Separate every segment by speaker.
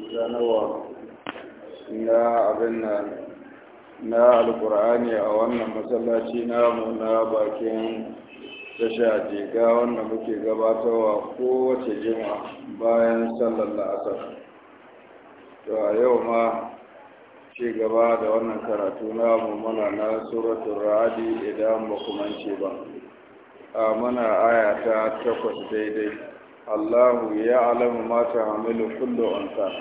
Speaker 1: gudanarwa
Speaker 2: na abin nan na alkur'ani a wannan masallaci namu na bakin tasha jega wanda muke gabatarwa kowace jima bayan sallar la'asar to a yau ma ci gaba da wannan karatu namu muna na suratun ra'adi idan ba kuma ce ba a mana aya ta takwas daidai الله يعلم ما تعمل كل أنثى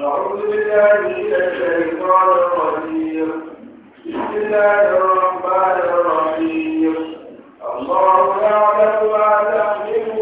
Speaker 3: أعوذ بالله من الشيطان الرجيم بسم الله الرحمن الرحيم الله يعلم ما تعمل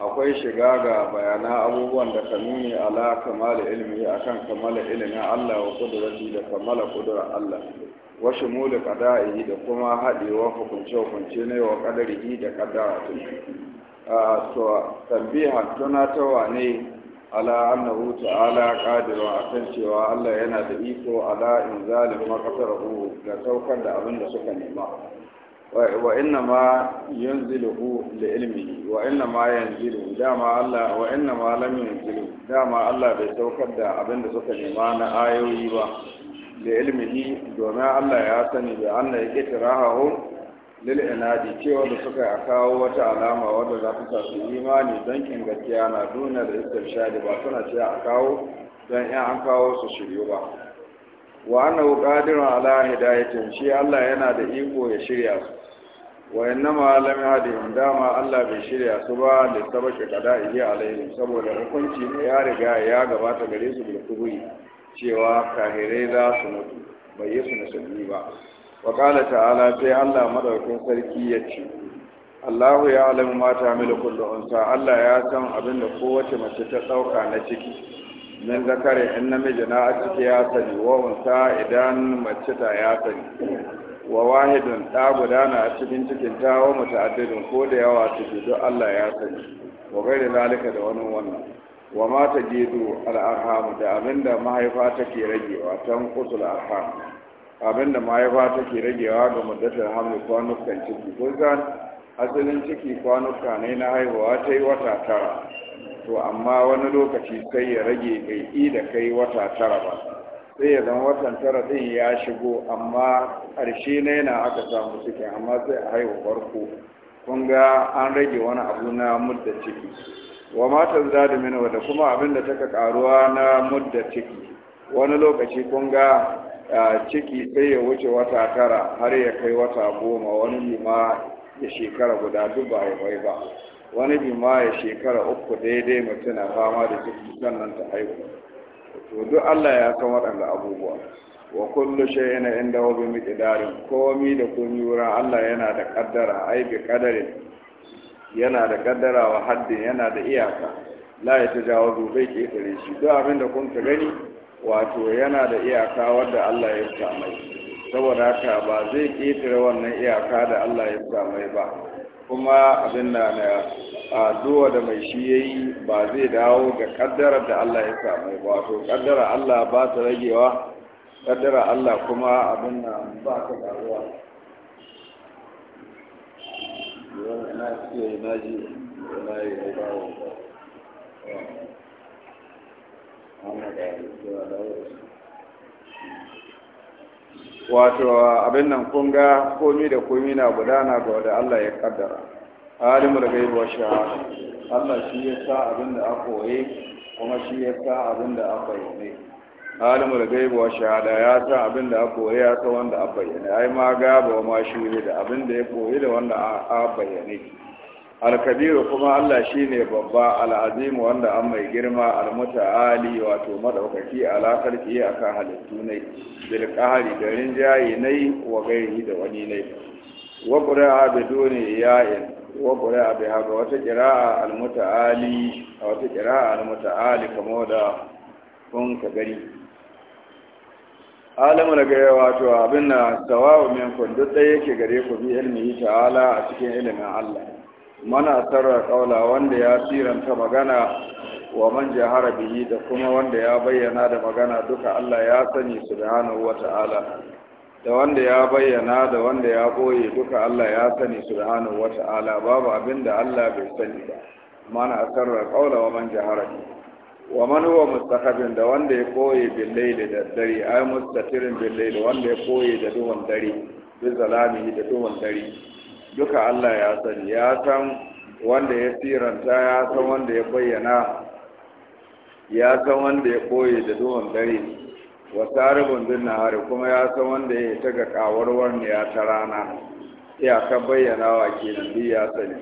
Speaker 2: akwai shiga ga bayana abubuwan da ka nuni ala kamala ilimi akan kamala ilimin Allah wa kudurati da kamala kudurar Allah wa shumulu qada'i da kuma hadewa hukunce hukunce ne wa qadarihi da qadara a to tambiha ta wane ala annahu ta'ala qadiru akan cewa Allah yana da iko ala makasar maqsarahu da saukar da abin da suka nema wa inna ma yanzilu li ilmihi wa inna ma yanzilu dama Allah wa inna ma Allah bai saukar da abin da suka nema na ayoyi ba li ilmihi domin Allah ya sani da Allah ya kitirahu lil inadi cewa da suka a kawo wata alama wadda za ta sa su imani don kin gaskiya na duna da istishadi ba suna cewa a kawo don in an kawo su shiryu ba wa annahu qadirun ala hidayatin shi Allah yana da iko ya shirya su wa innama lam yahdihim dama Allah bai shirya su ba da sabaki qada'i alaihim saboda hukunci ne ya riga ya gabata gare su da kubri cewa kahirai za su mutu bai yi su musulmi ba wa qala ta'ala sai Allah madaukin sarki ya ce Allahu ya alamu mata mil Allah ya san abin kowace mace ta dauka na ciki min zakare in namiji na a ciki ya sani wa unsa idan mace ta ya sani wa wahidun ɗa guda na a cikin cikin ta wa muta'addidin ko da yawa ciki duk Allah ya sani wa gairi lalika da wani wannan wa ma ta gidu al'arhamu da abin da mahaifa take ragewa tan kusul arham da mahaifa take ragewa ga muddatar hamlin kwanukan ciki kun asalin ciki kwanuka ne na haihuwa ta yi wata tara to amma wani lokaci sai ya rage bai yi da kai wata tara ba sai ya zama watan tara ɗin ya shigo amma ƙarshe na yana aka samu ciki amma sai a haihu farko kun ga an rage wani abu na mudda ciki wa matan zada minawa da kuma abin da taka karuwa na mudda ciki wani lokaci kun ga ciki sai ya wuce wata tara har ya kai wata goma wani lima da shekara guda duk ba ya bai ba wani jima ya shekara uku daidai mutum na fama da ciki sannan ta haihu to duk Allah ya san waɗanda abubuwa wa kullu shay'in inda wa bi miqdarin komi da komi wura Allah yana da kaddara ai bi qadarin yana da kaddara wa haddin yana da iyaka la ya tajawazu bai kare shi duk abin da kun ta gani wato yana da iyaka wanda Allah ya sa mai saboda haka ba zai ketare wannan iyaka da Allah ya sa mai ba kuma abin da na duwa da mai shi ya yi ba zai dawo ga kaddara da Allah ya samu wato kaddara Allah ba ta ragewa kaddara Allah kuma abin da ba ta na ce na ji na yi da dawo amma da ya dawo wato abin nan kun ga komi da komi na gudana ga wanda Allah ya kaddara alimul gaibi wa shahada Allah shi ya sa abin da aka koye kuma shi ya sa abin da aka yi alimul gaibi wa shahada ya sa abin da aka koye ya sa wanda aka bayyana ai ma gaba ma shi da abin da ya koye da wanda aka bayyane alkabiru kuma Allah shi ne babba al'azimu wanda an mai girma almuta'ali wato maɗaukaki alaƙar kiye a kan halittu ne bilƙahari da rinjaye ne wa gairi da wani nai wa ƙuri'a da dole yayin wa ƙuri'a bai haka wata ƙira'a almuta'ali a wata ƙira'a almuta'ali kama da kun ka gari alamu daga yawa to abin na sawawa min kun duk ɗaya yake gare ku bi ilmi ta'ala a cikin ilimin Allah mana tarra kaula wanda ya siranta magana wa man jahara bihi da kuma wanda ya bayyana da magana duka Allah ya sani subhanahu wata'ala da wanda ya bayyana da wanda ya boye duka Allah ya sani subhanahu wata'ala babu abin da Allah bai sani ba mana tarra kaula wa man jahara bihi wa man huwa mustaqabin da wanda ya boye bil layli da dare ay mustatirin bil layli wanda ya boye da duhun dare bi zalamihi da duhun dare duka Allah ya sani ya san wanda ya siranta ya san wanda ya bayyana ya san wanda ya ɓoye da duhun dare wa tsaribin din nahari kuma ya san wanda ya hita ga kawarwar ya ta rana wa bayyanawa kenan bi ya sani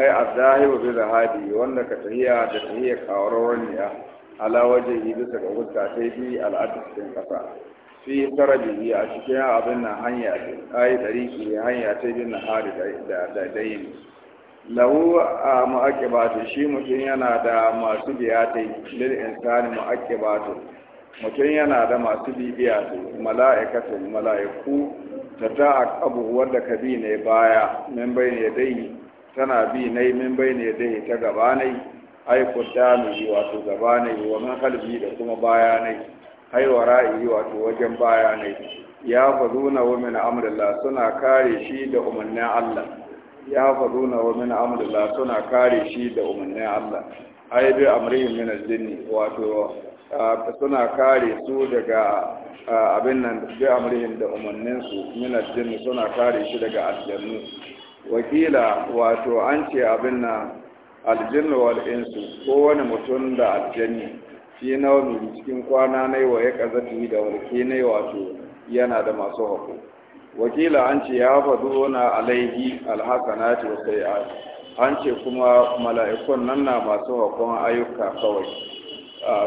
Speaker 2: ai azahiru bi zahadi wanda ka tahiya da tahiya kawar wani ya ala waje yi bisa ga wuta sai bi al'adis din kasa fi karabihi a cikin abin na hanya ɗari dariki hanya ta yi na da da dayin lahu a mu'aqibatu shi mutum yana da masu biyatai lil insani mu'aqibatu mutum yana da masu bibiya su mala'ikatu mala'iku ta da wanda kabi ne baya min ne dai tana bi ne min ne dai ta gabanai ai kuddami wato gabanai wa man da kuma bayanai haiwara iri wato wajen baya ne ya faduna wa min amrillah suna kare shi da umarnin Allah ya faduna wa min amrillah suna kare shi da umarnin Allah ai bi amrihim min al wato suna kare su daga abin nan bi amrihim da umarnin su min al suna kare shi daga aljannu wakila wato an ce abin nan aljinnu wal insu kowane mutum da aljanni Shi na wani cikin kwana na yi wa ya tuni da warke na yi wato yana da masu haku wakila an ce ya faɗo na alaihi alhasanati wasu sai'at an ce kuma mala'ikun nan na masu hakon ayyuka kawai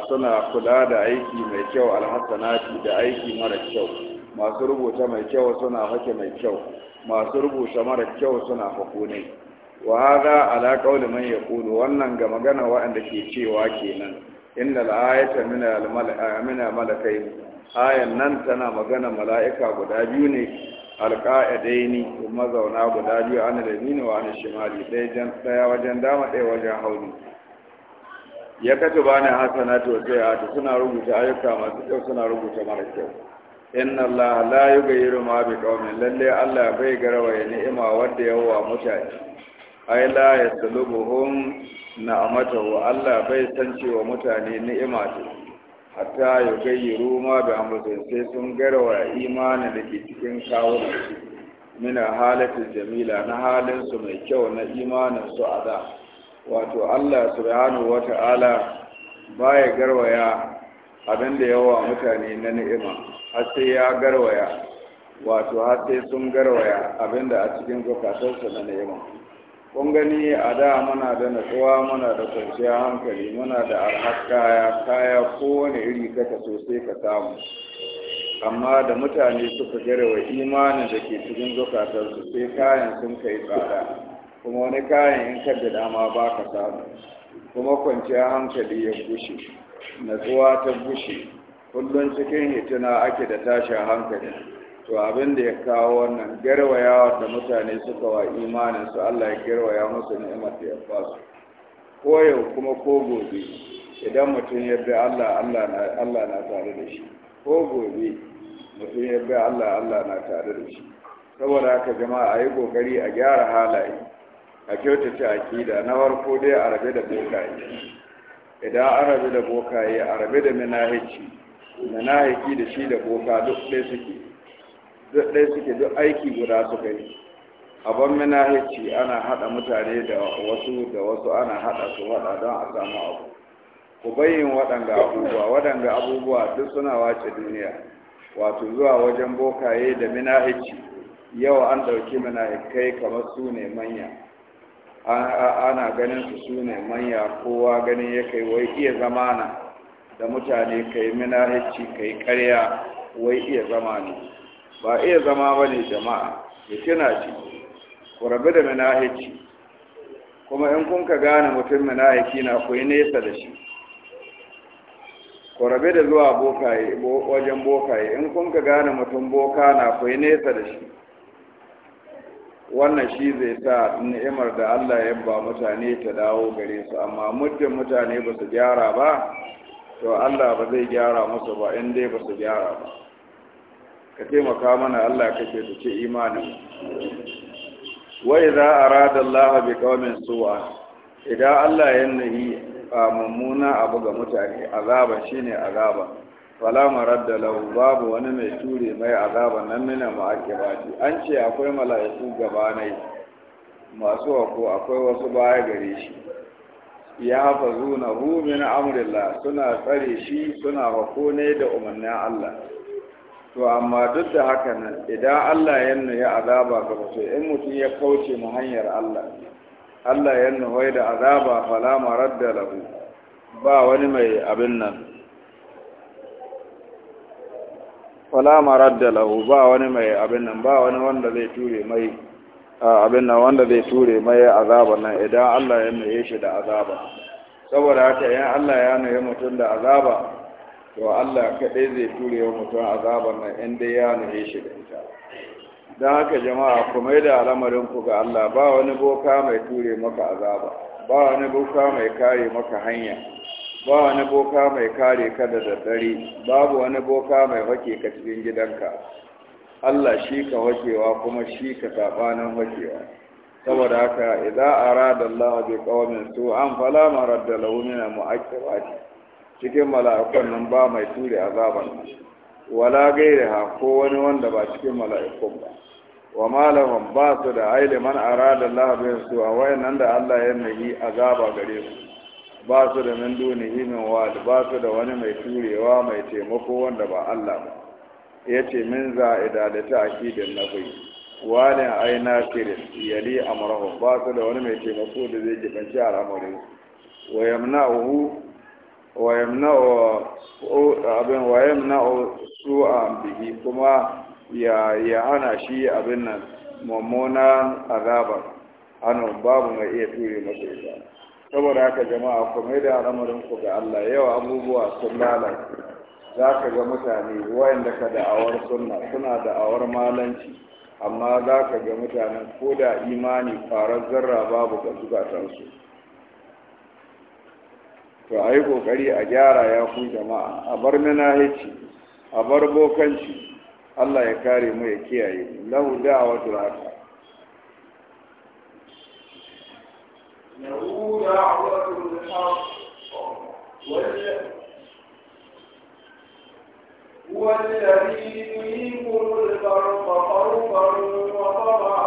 Speaker 2: suna kula da aiki mai kyau alhasanati da aiki mara kyau masu rubuta mai kyau suna hake mai kyau masu rubuta mara kyau suna hako ne wa hada ala qauli man wannan ga magana waɗanda ke cewa kenan inna al'ayata min ah, malakai ayan nan tana magana mala'ika guda biyu ne alƙa'adaini mazauna guda biyu an da wa an shimali ɗaya wajen dama ɗaya wajen hauni ya kace ba ni hasana to sai a suna rubuta ayyuka masu kyau suna rubuta mara kyau inna allaha la yughayyiru ma bi lalle allah bai garawa ya ni'ima wanda yawa mutane ay la yaslubuhum na'amatahu Allah bai san cewa mutane ni'ima ce hatta ya gayyaru ruma da amrusin sai sun garwa imanin da ke cikin kawunan su mina halatin jamila na halin su mai kyau na imanin su a da wato Allah subhanahu wata'ala baya garwaya abin da yawa mutane na ni'ima har sai ya garwaya wato har sai sun garwaya abin da a cikin zukatarsu na ni'ima kun gani a da muna da natsuwa muna da kwanciyar hankali muna da arhar kaya kaya kowane iri ka sosai ka samu amma da mutane suka wa imanin da ke cikin zukatarsu sai kayan sun kai tsada kuma wani kayan in ka da dama ba ka samu kuma kwanciyar hankali ya gushe natsuwa ta gushe kullum cikin hitina ake da tashin hankali to abin da ya kawo wannan garwaya da mutane suka wa imanin su Allah ya garwaya musu ni'imar da ya ba ko yau kuma ko gobe idan mutum ya bi Allah Allah na Allah na tare da shi ko gobe mutum ya bi Allah Allah na tare da shi saboda haka jama'a ayi kokari a gyara halaye a kyautata akida na farko dai a rabe da bokaye idan an rabe da bokaye a rabe da minahici minahiki da shi da boka duk ɗaya suke duk ɗaya suke duk aiki guda suka yi abin manahici ana haɗa mutane da wasu da wasu ana haɗa su haɗa don a samu abu ku bayyin waɗanga abubuwa waɗanga abubuwa duk suna wace duniya wato zuwa wajen bokaye da manahici yau an ɗauki kai kamar su ne manya ana ganin su su ne manya kowa ganin ya kai wai iya zamana da mutane kai manahici kai karya wai iya zamani ba iya zama ba ne jama'a fitina ce ku rabu da minahici kuma in kun ka gane mutum minahici na ku yi nesa da shi ku rabu da zuwa bokaye wajen bokaye in kun ka gane mutum boka na ku yi nesa da shi wannan shi zai sa ni'imar da Allah ya ba mutane ta dawo gare su amma muddin mutane ba su gyara ba to Allah ba zai gyara musu ba in dai ba su gyara ba ka taimaka mana Allah kake ce ce imanin wa idza arada Allah bi qaumin su'a idan Allah ya nahi a mummuna abu ga mutane azaba shine azaba fala maradda lahu babu wani mai ture mai azaba nan mina ma'akibati an ce akwai mala'iku gabanai masu wako akwai wasu baya gare shi ya hafa zuna hu min amrillah suna tsare shi suna wako ne da umarnin Allah to amma duk da haka nan idan Allah ya ya azaba ga mutum in mutum ya kauce mu hanyar Allah Allah ya wai da azaba fala maradda lahu ba wani mai abin nan fala maradda lahu ba wani mai abin nan ba wani wanda zai ture mai abin nan wanda zai ture mai azaba nan idan Allah ya ya shi da azaba saboda haka 'yan Allah ya nuna mutum da azaba to Allah kaɗai zai ture wa mutum azabar nan in dai ya nuhe shi da ita don haka jama'a ku mai da al'amarin ku ga Allah ba wani boka mai ture maka azaba ba wani boka mai kare maka hanya ba wani boka mai kare ka da daddare babu wani boka mai hake ka cikin gidanka Allah shi ka wakewa kuma shi ka sabanin wakewa saboda haka idza arada Allah bi qaumin an fala maradda lahu min al cikin mala'ikun nan ba mai ture azaban nan wala ha ko wani wanda ba cikin mala'ikun ba wa malahum ba su da aile man arada Allah bin su a wayannan da Allah ya nahi azaba gare su ba su da min dunihi min wali ba su da wani mai turewa mai taimako wanda ba Allah ba yace min za'ida da na nabi walin aina kirin yali amrahu ba su da wani mai taimako da zai jibanci al'amarin wa uhu. wayan o su bihi kuma ya hana shi abin nan mummunan azabar ana babu mai iya ture masa ita saboda haka jama'a ku mai da al'amarin ku ga Allah yawa abubuwa sun lalace za ka ga mutane wayanda ka da'awar sunna suna da'awar malanci amma za ka ga mutanen ko da imani farar zarra babu ga to a yi ƙoƙari a gyara ya ku jama'a a bar manahici a bar bokanci allah ya kare mu ya kiyaye lahu da haka
Speaker 3: هو الذي يريكم البرق خوفا وطمعا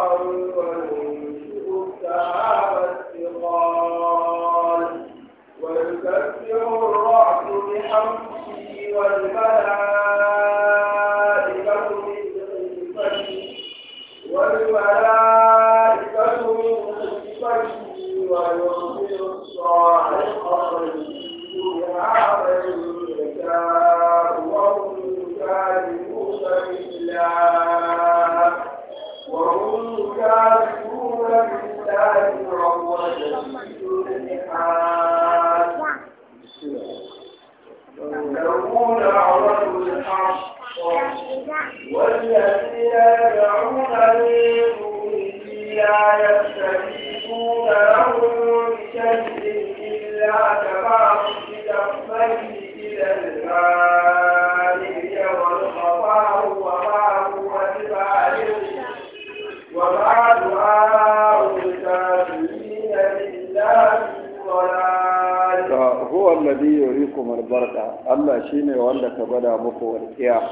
Speaker 2: Allah shi ne wanda ka gwada muku walƙiya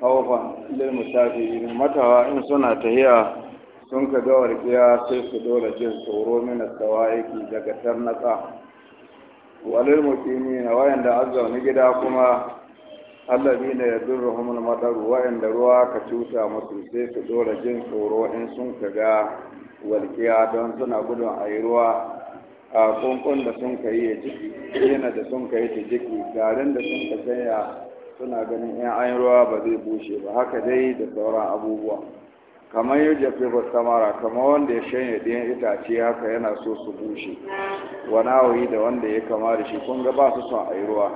Speaker 2: haufan lil musafiri matawa in suna tahiya sun ka ga walƙiya sai su dole jin tsoro mina yake daga tarnatsa walil mutumi na wayanda an zaune gida kuma allazi ne ya zurra humul madaru wayanda ruwa ka cuta musu sai su dole jin tsoro in sun ka ga walƙiya don suna gudun a yi ruwa a kunkun da sun ka ya ciki, yana da sun ka ta jiki garin da sun ka sanya suna ganin yan an ruwa ba zai bushe ba haka dai da sauran abubuwa kamar yi jafi ba samara kamar wanda ya shanye ɗayan itace haka yana so su bushe wani awoyi da wanda ya kama da shi kun ga ba su son a ruwa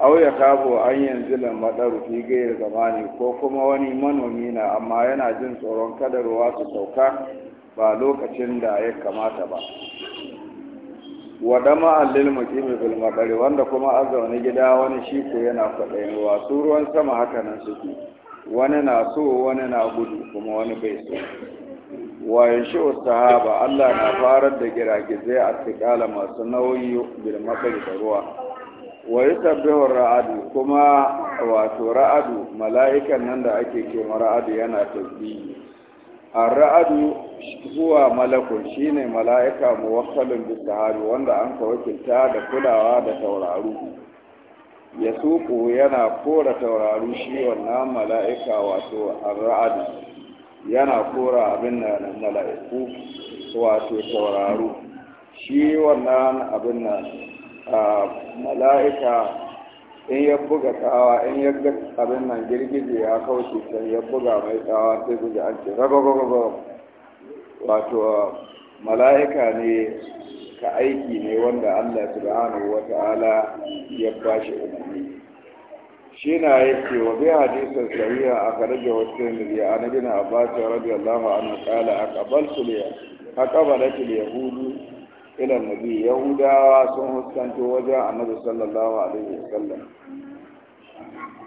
Speaker 2: au ya kabo an yanzu maɗaru fi gayar zamani ko kuma wani manomi na amma yana jin tsoron kada ruwa su sauka ba lokacin da ya kamata ba wa dama allil muqimi bil maqari wanda kuma azauni gida wani shi ko yana kwadayin wa su ruwan sama haka nan suke wani na so wani na gudu kuma wani bai so wa yanshi sahaba Allah na farar da giragizai a tikala masu nauyi bil maqari da ruwa wa yusabbihu ra'adu kuma wato ra'adu mala'ikan nan da ake cewa ra'adu yana tasbihi ar-ra'adu huwa malakun shine mala'ika muwakkalun bis sahari wanda an ka wakilta da kulawa da tauraru ya yana kora tauraru shi wannan mala'ika wato ar-ra'adu yana kora abin nan mala'iku wato tauraru shi wannan abin nan mala'ika in ya buga tsawa in ya ga abin nan girgije ya kauce sai ya buga mai tsawa sai guji an ce wato mala'ika ne ka aiki ne wanda allah subhanahu wa ta'ala ya bashi umarni shi na yake wa bi hadisin sahiha a da wasu miliya a na abbas radiyallahu anhu qala aqbaltu li aqbalat al yahudu ilan nabi yahudawa sun huskanto wajen annabi sallallahu alaihi wasallam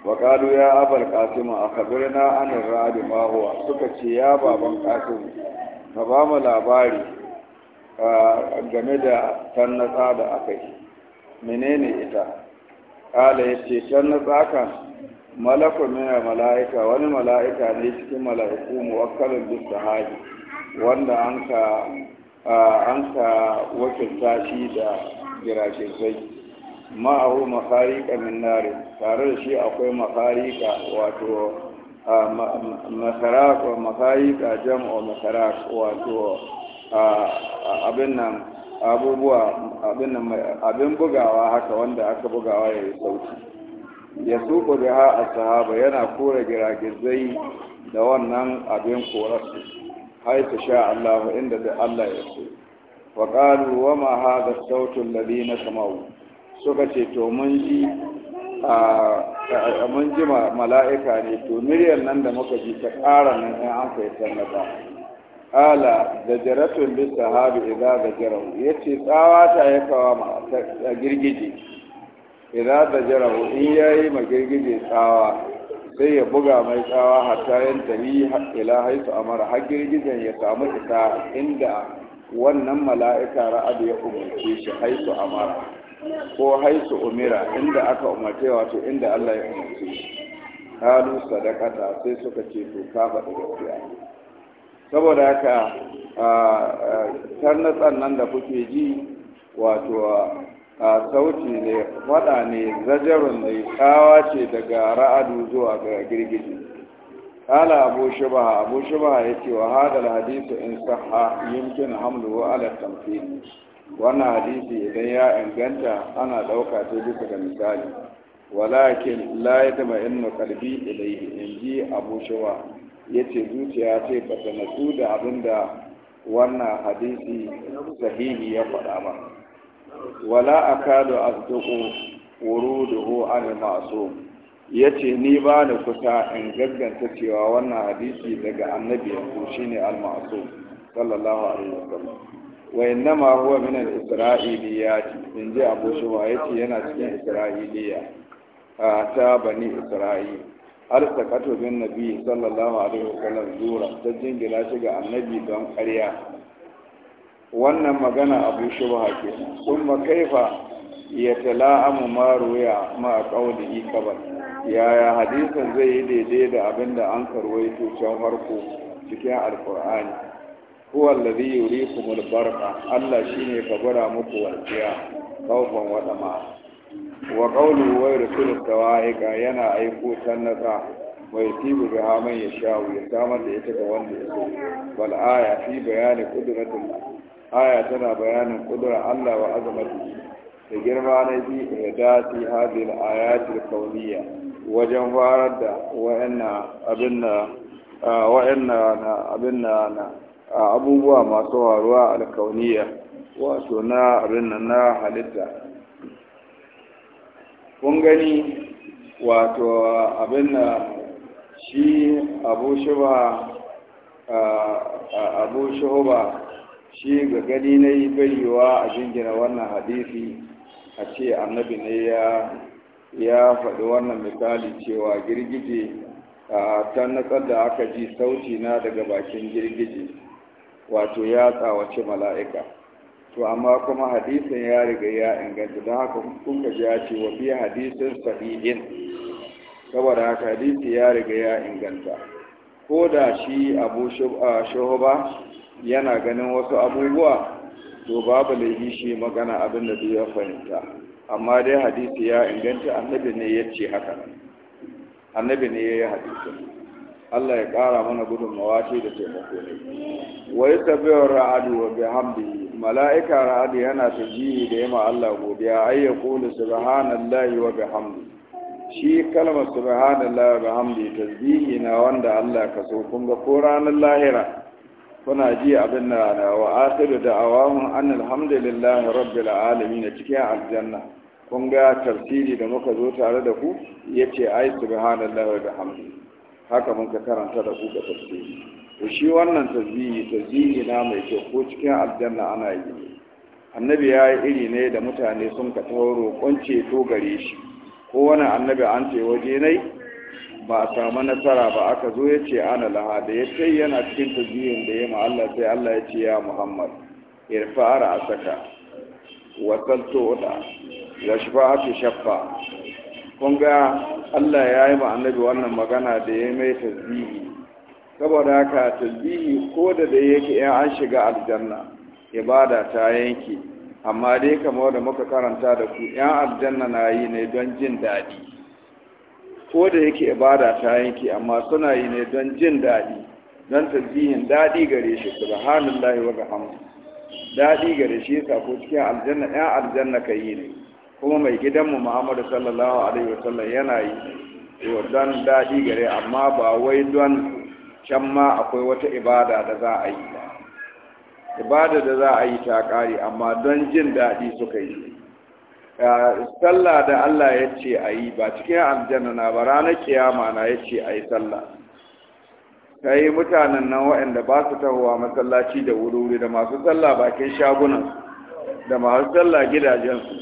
Speaker 2: وقالوا يا أبا القاسم ma huwa suka ce ya baban qasim ka ba mu labari game da tannatsa da aka yi menene ita ƙala ya ce tannatsa kan malaku mina mala'ika wani mala'ika ne cikin mala'iku muwakkalin bis wanda an ka an ka wakil shi da a ma'ahu makarika min nari tare da shi akwai makarika wato makaraka makarika jam'a wato abin nan abubuwa abin bugawa haka wanda aka bugawa ya yi sauki ya da biha a sahaba yana kora giragizai da wannan abin su. haitu sha Allah inda da Allah ya so wa qalu wa ma hadha sautu alladhina suka ce to mun ji a mun ji mala'ika ne to miryar nan da muka ji ta ƙara nan in an kai sannata ala da jaratun bi sahabi idza Ya yace tsawa ta ya kawa ma girgije idza zajarahu in yi ma girgije tsawa sai ya buga mai tsawa hatta yanta ni ila haisu amara har girgizan ya samu ita inda wannan mala'ika ra'ad ya umarce shi haisu amara ko haisu umira inda aka umarce wato inda Allah ya umarce shi kalu sadakata sai suka ce to ka faɗi gaskiya saboda haka tarnatsan nan da kuke ji wato a sauti ne wada ne zajarun ne kawa ce daga ra'adu zuwa ga girgiji kala abu shubaha abu shubaha ya ce wa hadal hadisu in sahha hamlu wa ala tamthil wannan hadisi idan ya inganta ana dauka ta bisa ga misali walakin la yatma inna qalbi ilayhi in ji abu shuba yace zuciya ce bata natsu da abinda wannan hadisi sahihi ya faɗa ba wala akadu asduqu wuruduhu an ma'sum yace ni ba ni kusa in gagganta cewa wannan hadisi daga annabi ko shine al-ma'sum sallallahu alaihi wasallam wa innama huwa min al-isra'iliyat inji abu shuwa yace yana cikin isra'iliya ta bani isra'il alsaqatu bin nabi sallallahu alaihi wasallam zura ta jingila shi ga annabi don ƙarya wannan magana abu shubha ke kuma makaifa? ya tala'amu ma ruya ma kabar yaya hadisan zai yi daidai da abin da an karwai tushen harko cikin alkur'ani huwa alladhi yuriikum al barka, Allah shi ne ka gura muku walqiya ma. wa dama wa qawluhu wa yursilu wa'ika yana aiko tannaka mai yusibu biha man yasha ya samar da ita ga wanda ya so Bal'aya fi bayani qudratin aya tana bayanin kudura Allah wa azamati da girma na ji ihdati hadhihi al-ayatil kauniya wajen farar da wa'anna abin na abinna na abubuwa masu waruwa alkauniya wato na abin na halitta kun gani wato na shi abu shuba abu shuba shi ga gani na yi barewa a jingina wannan hadisi a ce annabi ne ya faɗi wannan misali cewa girgije a ta da aka ji sauti na daga bakin girgije wato ya tsawace mala'ika to amma kuma hadisin ya riga ya inganta don haka kuka ji ya ce wa biya hadisin sahihin saboda haka hadisi ya riga ya inganta ko da shi abu ba? yana ganin wasu abubuwa to babu laifi shi magana abin da zai fahimta amma dai hadisi ya inganta annabi ne ya ce haka annabi ne ya yi hadisi Allah ya ƙara mana gudun ce da taimako ne wai tabbiyar ra'adu wa bihamdi mala'ika ra'adu yana tajihi da yama Allah godiya ai ya kula subhanallahi wa bihamdi shi kalmar subhanallahi wa bihamdi tasbihi na wanda Allah ka so kun ga ko ranar lahira kuna ji abin da na wa da awamun an rabbi al'alami na cikin aljanna kun ga tafsiri da muka zo tare da ku yace ai su subhanallahi da Hamdu. haka mun ka karanta da ku ga tafsiri to shi wannan tasbihi tasbihi na mai kyau ko cikin aljanna ana yi annabi ya yi iri ne da mutane sun ka tauro roƙon ceto gare shi ko wani annabi an ce waje nai ba a samu nasara ba aka zo ya ce ana laha da ya ce yana cikin taziyin da ya ma Allah sai Allah ya ce ya Muhammad irfa saka. wa salto da ya shafa'atu shaffa kun ga Allah ya yi ma annabi wannan magana da ya mai tasbihi saboda haka tasbihi ko da da yake yan an shiga aljanna ibada ta yanke amma dai kamar da muka karanta da ku yan aljanna na yi ne don jin daɗi ko da yake ibada ta yanki, amma suna yi ne don jin daɗi don tasbihin daɗi gare shi subhanallahi wa bihamdi daɗi gare shi yasa ko cikin aljanna ya aljanna ka yi ne kuma mai gidanmu Muhammadu sallallahu alaihi wa sallam yana yi to don daɗi gare amma ba wai don can ma akwai wata ibada da za a yi ibada da za a yi ta ƙari amma don jin daɗi suka yi sallah da Allah ya ce a yi ba cikin aljanna na ba ranar kiyama na ya ce a yi sallah ta yi mutanen nan waɗanda ba su tahowa masallaci da wuri da masu sallah bakin shagunan da masu sallah gidajensu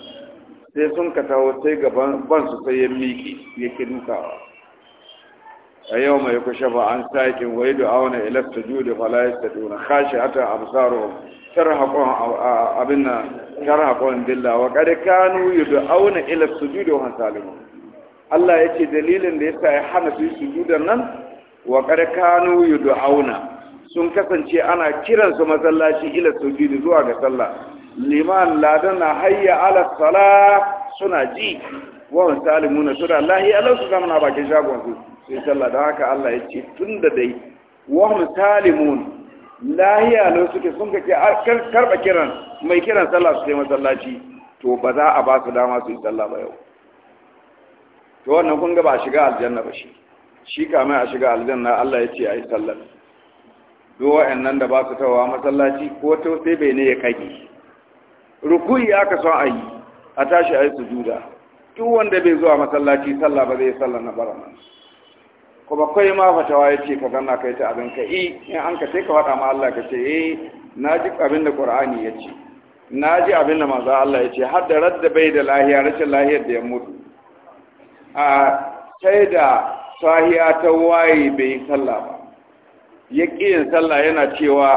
Speaker 2: sai sun ka taho sai gaban su sai yin miki ya kirkawa a yau mai kushe ba an saƙin wai da auna ilasta jude falayista duna kashi hata amsaruwa tarhaƙon abin nan sharha dilla, billah wa qad kanu auna ila sujudi wa salimu Allah yace dalilin da yasa ya hana su sujudan nan wa qad kanu auna. sun kasance ana kiran su masallaci ila da zuwa ga sallah liman ladana hayya ala salah suna ji wa na suna lahi alau su zama na bakin shagon su sai sallah don haka Allah ya ce tun da dai wa salimun lahiya ne suke sun ke karɓa kiran mai kiran sallah su sai masallaci to ba za a ba su dama su yi sallah ba yau to wannan kun ga ba a shiga aljanna ba shi shi mai a shiga aljanna Allah ya ce a yi sallar wa'annan da ba su tawa masallaci ko to sai bai ne ya kage ruku'i aka son a yi a tashi a yi sujuda duk wanda bai zuwa masallaci sallah ba zai sallah na barama. kuma kai ma fatawa ya ce ka zanna kai ta abin ka i eh, in an ka ce ka faɗa ma Allah ka ce eh na ji abin da Qur'ani ya ce na ji abin da manzo Allah ya ce har da radda bai da lahiya rashi lahiyar da ya mutu a sai da sahiya ta waye bai yi sallah ba ya sallah yana cewa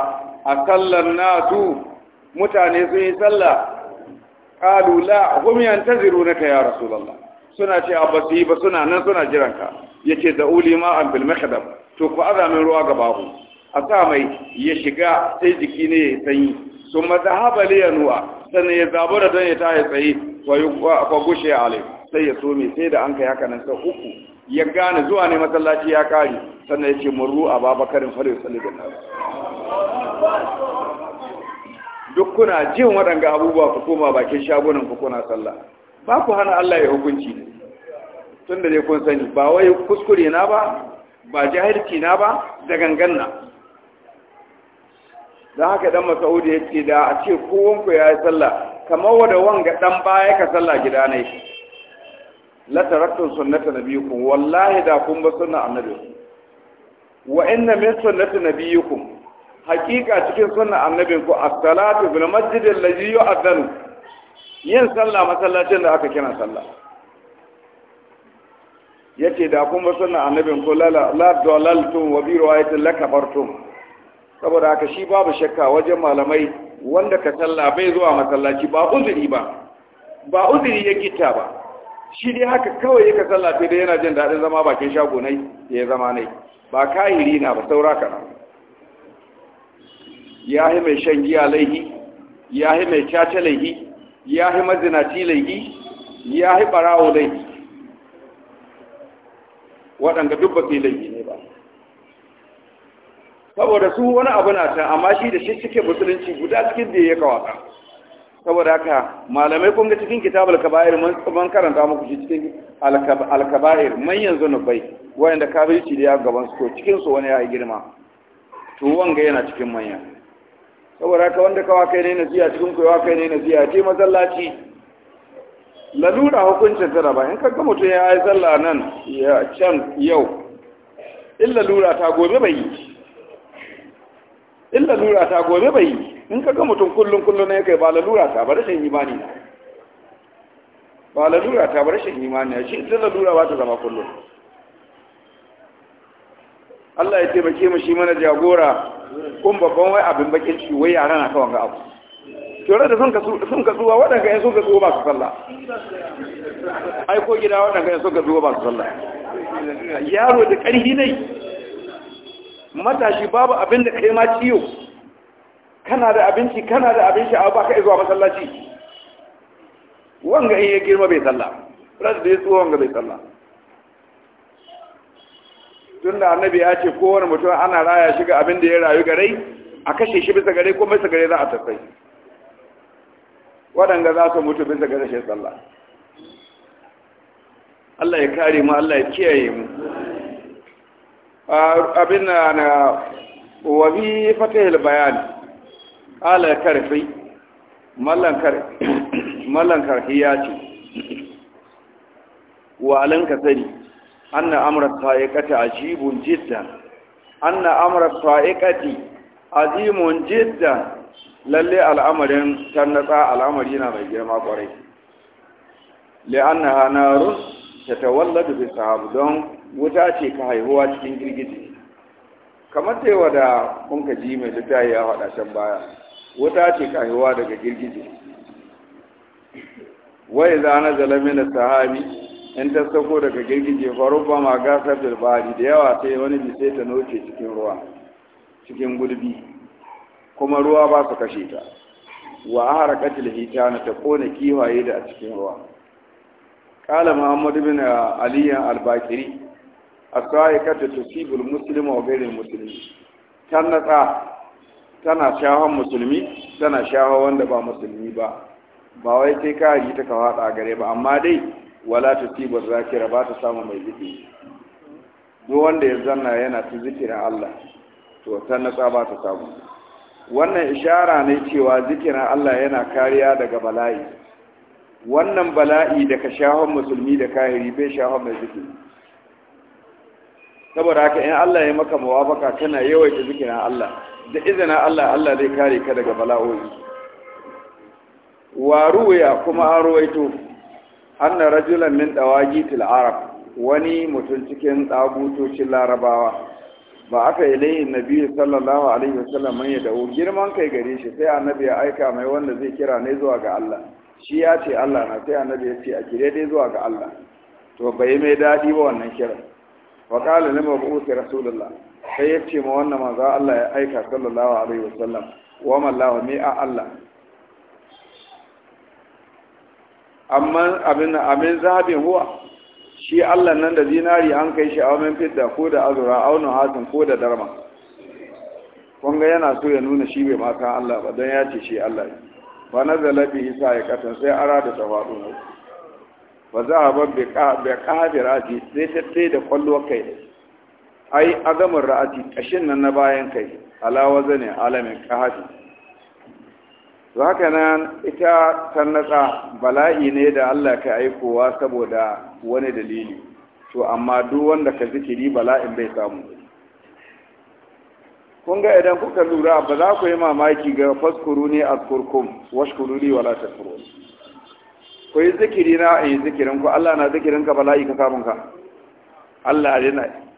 Speaker 2: a natu nasu mutane sun yi sallah qalu la hum ka ya rasulullah suna ce a basu yi ba suna nan suna jiran ka yace da ulima an bil makhdam to ku azamin ruwa ga babu a sa mai ya shiga sai jiki ne ya sanyi sun mazahaba li yanuwa sannan ya da don ya ya tsaye Kwa gushe alai sai ya tsomi, sai da an kai haka nan uku ya gane zuwa ne masallaci ya kare sannan ya ce murru a karin fari salibin nan duk kuna jin waɗanga abubuwa ku koma bakin shagunan ku kuna sallah ba ku hana Allah ya hukunci Tun da zai kun sani ba wai kuskure na ba ba jahilci na ba da ganganna da haka dan masaudi ya ce da a ce kowanku ya yi sallah kamar wanda wanga dan baya ka sallah gida ne la taraktu sunnata nabiyikum wallahi da kun ba sunna annabi wa inna min sunnati nabiyikum haqiqa cikin sunna annabinku as-salatu bil masjidil ladhi yu'adhanu yin sallah masallacin da aka kira sallah yace da kun ba sunna annabin ko la la dalaltum wa bi saboda haka shi babu shakka wajen malamai wanda ka sallah bai zuwa masallaci ba uzuri ba ba uzuri ya gita ba shi dai haka kawai yake sallah sai dai yana jin daɗin zama bakin shago nai ya zama nai ba kahiri na ba saura na, ya yi mai shan giya laihi ya yi mai caca laihi ya yi mazinaci laifi ya yi ɓarawo laifi waɗanda dubba ba laifi ne ba saboda su wani abu na can amma shi da shi cike musulunci guda cikin da ya kawata saboda haka malamai kun ga cikin kitab al-kaba'ir mun karanta muku shi cikin al-kaba'ir na bai, wayanda kafirci da ya gaban su cikin su wani ya yi girma to wanga yana cikin manyan saboda ka wanda kawa kai ne nasiya cikin koyawa kai ne nasiya ce masallaci lalura hukuncin tara ba in ka ga mutum ya yi sallah nan ya can yau in lalura ta gobe bai yi in lalura ta gobe bai yi in ka ga mutum kullum kullum na ya kai ba lalura ta ba rashin imani na ba lalura ta ba rashin imani na shi ita lalura ba ta zama kullum Allah ya taimake mu shi mana jagora kun babban wai abin bakin ciki wai yara na kawan ga abu tare da sun ka zuwa waɗanda ya sun ka zuwa ba su sallah ai ko gida waɗanda ya sun ka zuwa ba su sallah yaro da ƙarfi ne matashi babu abin da kai ma ciyo kana da abinci kana da abin sha'awa ba ka zuwa masallaci wanga in ya girma bai sallah rasu da ya tsohon ga bai sallah tunda annabi ya ce kowane mutum ana raya shi ga abin da ya rayu gare a kashe shi bisa gare ko bisa gare za a tafai waɗanda za su mutu bisa gare shi tsalla Allah ya kare mu Allah ya kiyaye mu abin na na wabi fata fatahil bayan ala ya mallan karfi mallan karfi ya ce wa alanka sani anna amra sa'iqati ajibun jiddan anna amra sa'iqati azimun jiddan lalle al'amarin tannatsa al'amari na mai girma kwarai li'annaha narun tatawalladu bi sahab don wuta ce ka haihuwa cikin girgiji kamar da wada da kun ka ji mai littafi a faɗa can baya wuta ce ka haihuwa daga girgije wai za na zalamin sahabi in ta sako daga girgije faruwa ma gasar bilbari da yawa sai wani sai ta noce cikin ruwa cikin gulbi kuma ruwa ba su kashe ta wa a katil hita na ta kone kiwaye da a cikin ruwa kala muhammad bin aliyan albakiri as-sa'iqatu ta al musulma wa gairin musulmi, tana shahon musulmi tana shahon wanda ba musulmi ba ba wai sai kari ta kawata gare ba amma dai wala ta tiba zakira ba ta samu mai zikiri duk wanda ya zanna yana ta zikirin Allah to ta natsa ba ta samu wannan ishara ne cewa zikirin Allah yana kariya daga bala'i wannan bala'i daga shahon musulmi da kahiri bai shahon mai zikiri saboda haka in Allah ya maka muwafaka kana yawaita zikirin Allah da izina Allah Allah zai kare ka daga bala'o'i wa ruwaya kuma an ruwaito anna rajulan min dawagitil arab wani mutum cikin tsabutocin larabawa ba aka ilayhi nabi sallallahu alaihi wasallam man yad'u girman kai gare shi sai annabi ya aika mai wanda zai kira ne zuwa ga Allah shi ya ce Allah na sai annabi ya ce a kire dai zuwa ga Allah to bai mai dadi ba wannan kira wa qala lima bu'ti rasulullah sai ya ce ma wannan manzo Allah ya aika sallallahu alaihi wasallam wa mallahu mi'a Allah amma abin amin zahabin huwa shi Allah nan da zinari an kai shi a wamin fidda ko da azura auna hatin ko da darma kunga yana so ya nuna shi bai mata Allah ba don ya ce shi Allah ne ba na zalabi isa ya katan sai ara da tawadu ne ba za a ban bai kafin ra'aji sai tattai da kwallo kai ai azamin ra'aji kashin nan na bayan kai alawa zane alamin kafin to haka nan ita tarnatsa bala'i ne da Allah ka aikowa saboda wani dalili to amma duk wanda ka zikiri bala'in bai samu kun ga idan kuka lura ba za ku yi mamaki ga faskuru ne a kurkum washkuru ne wala tashkuru ku yi zikiri na yi eh, zikirin ku Allah na zikirin ka bala'i ka samun ka Allah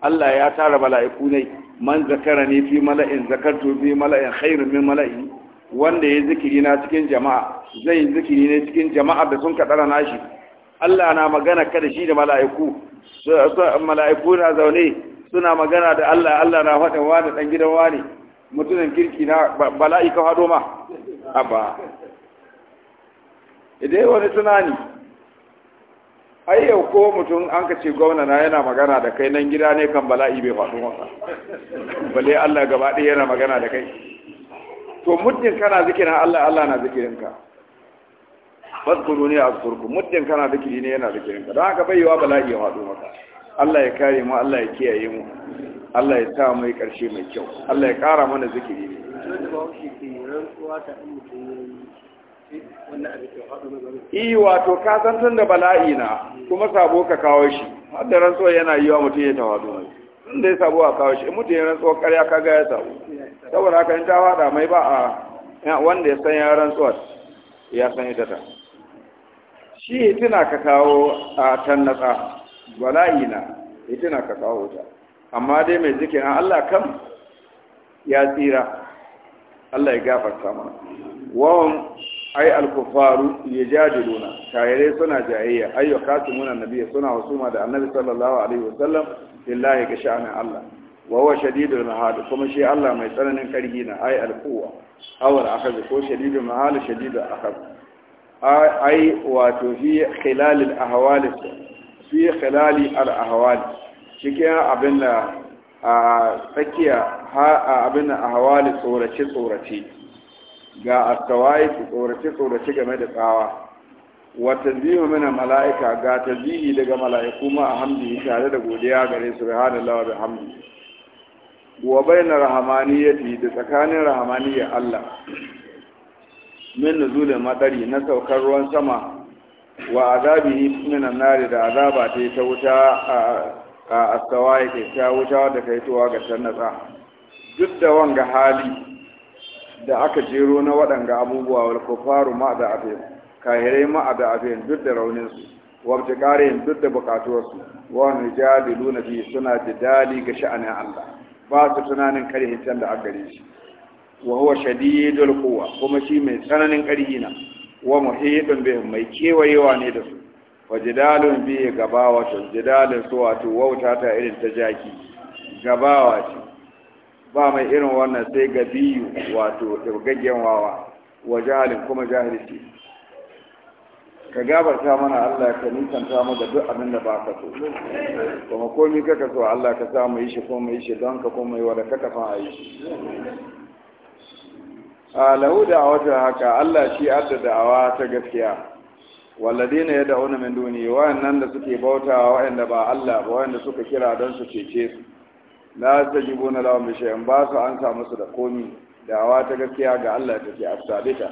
Speaker 2: Allah ya tara bala'iku ne man zakara ne fi mala'in zakartu fi mala'in khairu min mala'i wanda ya zikiri na cikin jama'a zai yi zikiri ne cikin jama'a da sun kaɗara nashi Allah na magana kada shi da mala'iku mala'iku na zaune suna magana da Allah Allah na wa da ɗan gidan wani mutunan kirki na bala'i ka haɗo ma abba idan wani tunani ai yau ko mutum an ka ce gwamna na yana magana da kai nan gida ne kan bala'i bai faɗo masa balle Allah gaba ɗaya yana magana da kai to muddin kana zikirin Allah Allah na bas fadkuru ne azkurku muddin kana zikiri ne yana ka. don haka baiwa bala'i ya hadu maka Allah ya kare mu Allah ya kiyaye mu Allah ya sa mu karshe mai kyau Allah ya kara mana zikiri ne Iyi wato ka san tun da bala'i na kuma sabo ka kawo shi, har da yana yi wa mutum ya tawadu mai. da ya sabu a kawo shi mutu ya rantsuwa karya kaga ya sabu saboda haka in ta fada mai ba a wanda ya san ya rantsuwa ya san ita ta shi hitina ka kawo a tannatsa bala'i na hitina ka kawo ta amma dai mai an Allah kan ya tsira Allah ya gafarta mana wawan ai alkufaru ya luna. kayarai suna jayayya ayyuka su muna nabiya suna husuma da annabi sallallahu alaihi wasallam lillahi ga sha'anin Allah wa huwa shadidul mahal kuma shi Allah mai tsananin karhi na ay alquwa aw al ko shadidul mahal shadidul akhaz Ai wato fi khilal al ahwal fi khilal al ahwal cikin abin da a tsakiya abin da ahwal tsorace tsorace ga astawai tsorace tsorace game da tsawa wa tasbihu min malaika ga tasbihi daga malaiku ma hamdi tare da godiya gare subhanallahi wa bihamdi wa bayna rahmaniyati da tsakanin rahmaniyya Allah min nuzulin madari na saukar ruwan sama wa azabihi min annari da azaba ta ta wuta a astawa yake ta wuta da kaitowa ga tannatsa duk da wanga hali da aka jero na waɗanga abubuwa wal kufaru ma da afiyar kahirai ma abi abin duk da raunin su wa duk da bukatuwar su wa nujadiluna fi suna dali ga sha'anin Allah ba su tunanin karihin can da agare shi wa huwa shadidul quwa kuma shi mai tsananin karhi na wa muhidun bihim mai kewayewa ne da su wa jidalun bi gabawa to jidalun su wato wauta ta irin ta jaki gabawa ce ba mai irin wannan sai gabiyu wato irgaggen wawa wa jahilin kuma jahilci ka gabarta mana Allah ka nisanta mu da duk abin da ba ka so kuma komai kaka so Allah ka sa yi shi ko mu yi shi don ka ko mu yi ka kaka fa a yi shi a lahu da wata haka Allah shi adda da'awa ta gaskiya walladina da'una min duni wa'annan da suke bautawa wa'anda ba Allah ba wa'anda suka kira don su cece su ta tajibuna lahum lawan shay'in ba su an sa musu da komi da'awa ta gaskiya ga Allah take asabita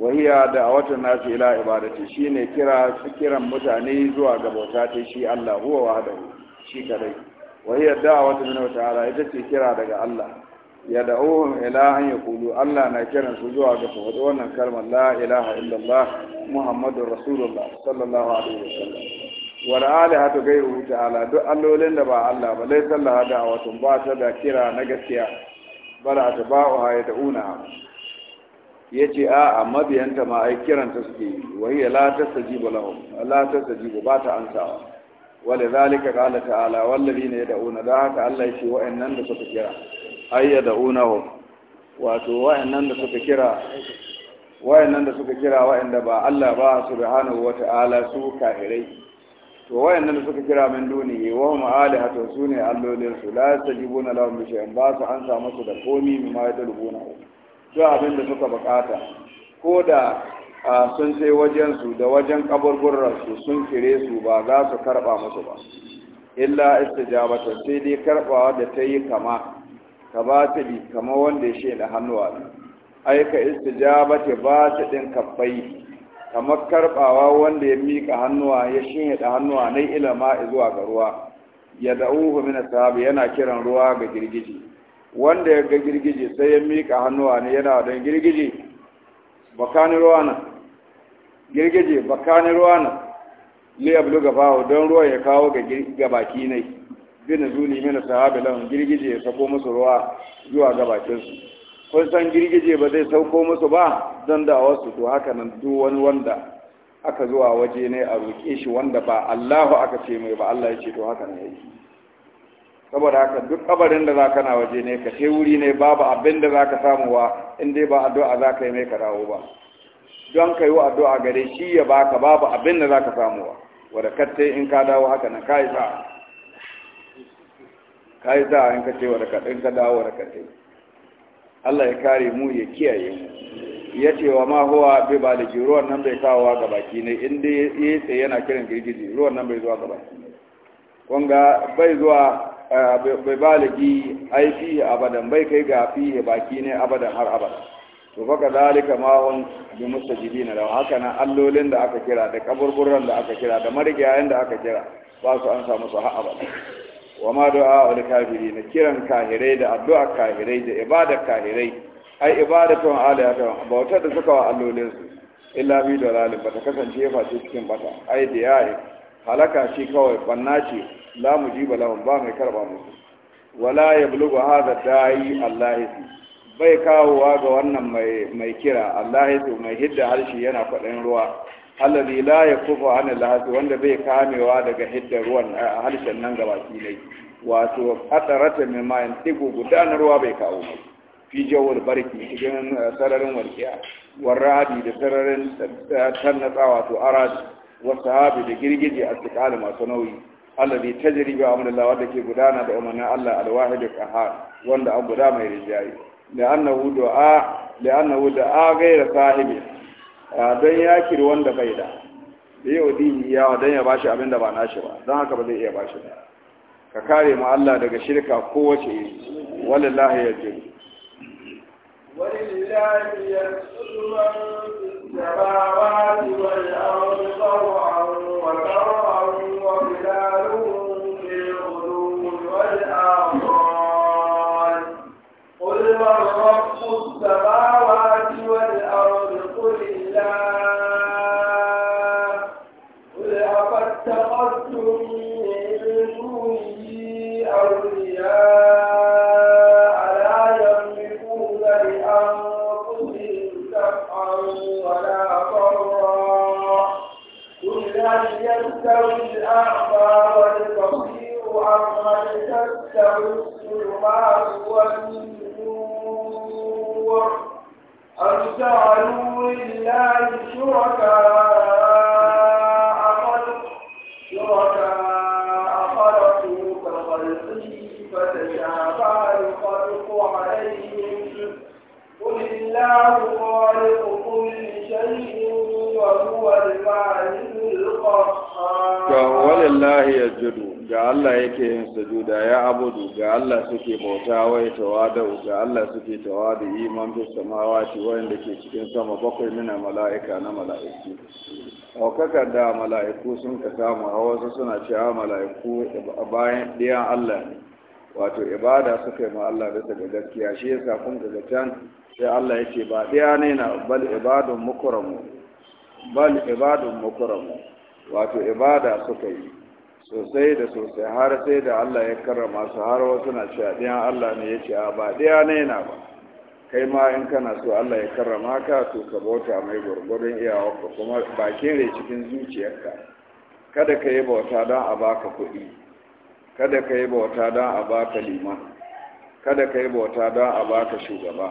Speaker 2: wahiya da a watan nasu ila ibadati shine kira kiran mutane zuwa ga bauta ta shi Allah huwa wahdahu shi kadai wahiya watan min ta'ala ita ce kira daga Allah ya ohun ila an yaqulu Allah na kiran su zuwa ga faɗi wannan kalmar la ilaha illallah muhammadun rasulullah sallallahu alaihi wa sallam. wasallam wal alihatu ghayru ta'ala duk allolin da ba Allah ba lai a watan ba ta da kira na gaskiya bara ta ba'u ha ya da'una ya ce a amma biyanta ma ai kiranta suke yi ya wahiyya la tastajibu lahum la tastajibu ba ta ansawa wala zalika qala ta'ala ne ya da'una. da haka Allah ya ce wa'annan da suka kira Ai ya da'una hum wato wa'annan da suka kira wa'annan da suka kira wa'anda ba Allah ba subhanahu ta'ala su kafirai to wa'annan da suka kira min duni wa hum alihatu sune allolin su la yastajibuna lahum bi shay'in ba su ansa musu da komi ma yadrubuna duk abin da suka bukata ko da sun sai wajensu da wajen kaburburarsu sun kire su ba za su karba musu ba illa istijabata sai dai karbawa da ta yi kama ka ba ta bi kama wanda ya shaida hannuwa ne aika istijabata ba ta din kabbai kamar karbawa wanda ya mika hannuwa ya shaida hannuwa na ilama zuwa ga ruwa ya da'uhu min yana kiran ruwa ga girgiji wanda ya ga girgije sai ya miƙa hannuwa ne yana don girgije bakani ruwa nan girgije bakani ruwa nan abu ga bawo don ruwan ya kawo ga baki ne bin zuli sahabi lan girgije ya sako musu ruwa zuwa ga bakinsu kun san girgije ba zai sauko musu ba don da wasu to haka nan duk wani wanda aka zuwa waje ne a roƙe shi wanda ba Allahu aka ce mai ba Allah ya ce to haka ne yake saboda haka duk kabarin da zaka na waje ne ka ce wuri ne babu abin da zaka samu wa in dai ba addu'a zaka yi mai ka dawo ba don ka yi wa addu'a gare shi ya baka babu abin da zaka samu wa wanda kace in ka dawo haka nan kai sa kai sa in ka ce wanda kattai ka dawo wanda kace Allah ya kare mu ya kiyaye mu ya ce wa ma huwa bai ba da ruwan nan bai kawo ga baki ne in dai ya tsaye yana kiran girgiji ruwan nan bai zuwa ga baki ne kun bai zuwa bai baligi ai fihi abadan bai kai ga fiye baki ne abadan har abada to baka zalika ma hon bi na da haka nan allolin da aka kira da kaburburan da aka kira da marigayen da aka kira ba su an samu su har abada wa ma du'a wal na kiran kahirai da addu'a kahirai da ibada kahirai ai ibadatun alayatun bautar da suka wa allolin su illa bi dalalin bata kasance face cikin bata ai da yayi halaka shi kawai banna ce مجيب لهم با ba كربا karba musu wala هذا hadha الله Allah bai kawowa ga wannan mai kira Allah ya mai hidda harshe yana kwaɗayin ruwa alladhi la yakufu an al wanda bai kamewa daga hidda ruwan harshen nan gaba ne wato qatarata ma'in tigu tigo gudanarwa bai kawo mai fi barki cikin sararin walkiya warradi da sararin tannatsa wato arad wasu sahabi da girgije a tsikali masu nauyi alladhi tajri bi Allah wanda ke gudana da umarnin Allah al al alqahar wanda an guda mai rijayi la'annahu du'a la'annahu du'a ghayra sahibi dan ya kiri wanda bai da bai odi ya dan ya bashi abin da ba nashi ba dan haka ba zai iya bashi ba ka kare mu Allah daga shirka kowace iri wallahi ya ji
Speaker 3: ولله يسجد من في السماوات والأرض طوعا قد تستوي الظلمات والنور أم جعلوا لله شركاء خلق شركاء خلقوا كخلقه فتشابه عليهم قل الله خالق كل شيء وهو المعلم القهار ولله
Speaker 2: يسجدون ga Allah yake yin sujuda ya abudu ga Allah suke bauta wai tawada ga Allah suke tawadu iman bis samawati wanda ke cikin sama bakwai mina mala'ika na mala'iku aukaka da mala'iku sun ka samu a wasu suna cewa mala'iku a bayan ɗiyan Allah ne wato ibada suka yi ma Allah bisa ga gaskiya shi yasa kun ga can sai Allah ya ba ɗaya ne na bal ibadun mukramu bal ibadun mukramu wato ibada suka yi sosai da sosai har sai da Allah ya karrama su har wasu na cewa ɗiyan Allah ne ya ce a ba ɗiya ne na ba kai ma in kana so Allah ya karrama ka to ka bauta mai gwargwadon iyawarka kuma bakin rai cikin zuciyarka kada ka yi bauta don a baka kuɗi kada ka yi bauta don a baka liman kada ka yi bauta don a baka shugaba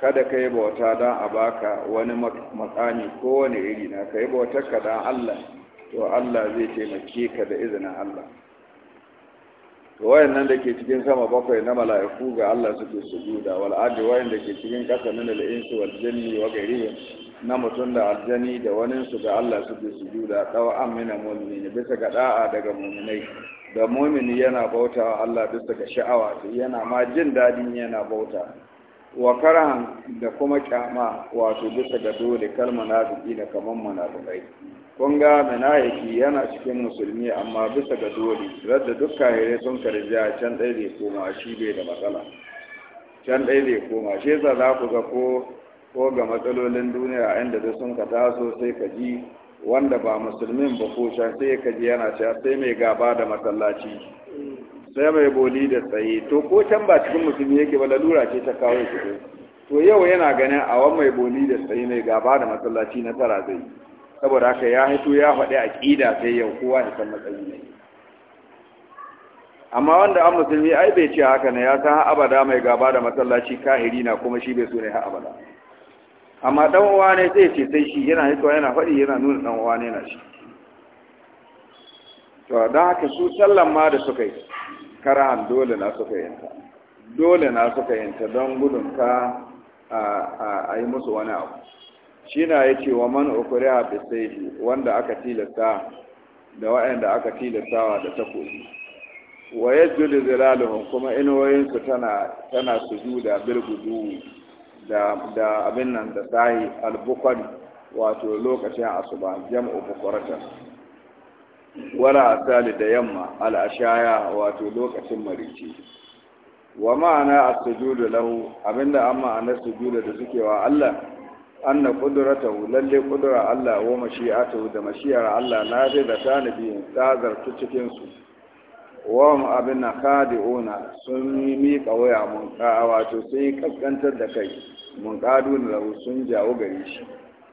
Speaker 2: kada ka yi bauta don a baka wani ko wani iri na ka yi bautar ka Allah to Allah zai taimake ka da izinin Allah to wayannan da ke cikin sama bakwai na mala'iku ga Allah suke sujuda wal adi wayan da ke cikin ƙasa na al insu wal jinni wa ghairihim na mutum da aljani da wani su ga Allah suke sujuda dawa amina mu'minin bisa ga da'a daga mu'minai da mu'mini yana bautawa Allah bisa ga sha'awa yana ma jin dadin yana bauta wa karahan da kuma kyama wato bisa ga dole kalmar munafiki da kaman munafikai Kunga, ga manahiki yana cikin musulmi amma bisa ga dole radda dukkan kahirai sun karja can dai ne koma shi bai da matsala can dai ne koma shi za za ku ga ko ko ga matsalolin duniya inda duk sun ka taso sai ka ji wanda ba musulmin ba ko can sai ka ji yana cewa sai mai gaba da masallaci sai mai boli da tsaye to ko can ba cikin musulmi yake ba lalura ce ta kawo shi to yau yana ganin a wani mai boli da tsaye mai gaba da masallaci na tara zai saboda haka ya hito ya faɗi a ƙida, sai yau kowa ya san matsayi ne amma wanda an musulmi ai bai ce haka ne ya san abada mai gaba da masallaci kahiri na kuma shi bai so ne abada amma dan uwa ne zai ce sai shi yana hito yana faɗi yana nuna dan uwa ne na shi to da haka su sallan ma da suka yi karahan dole na suka yanta dole na suka ta don gudun ka a yi musu wani abu shi ya ce wa man ukuri a bisaifi wanda aka tilasta da waɗanda aka tilastawa da takobi wa ya jude zilaluhun kuma inuwoyinsu tana tana sujuda bilgudu da da abin nan da sahi albukwari wato lokacin asuba jam'u bukwaratan wala asali da yamma al'ashaya wato lokacin marici wa ma'ana as-sujudu lahu abinda amma anas sujuda da suke wa Allah anna qudratahu lalle qudra Allah wa mashi'atuhu da mashiyar Allah na da ta nabi ta zartu cikin su wa hum abinna khadi'una sun yi miƙa waya mun ka wato sun yi kaskantar da kai mun kadu na sun jawo gare shi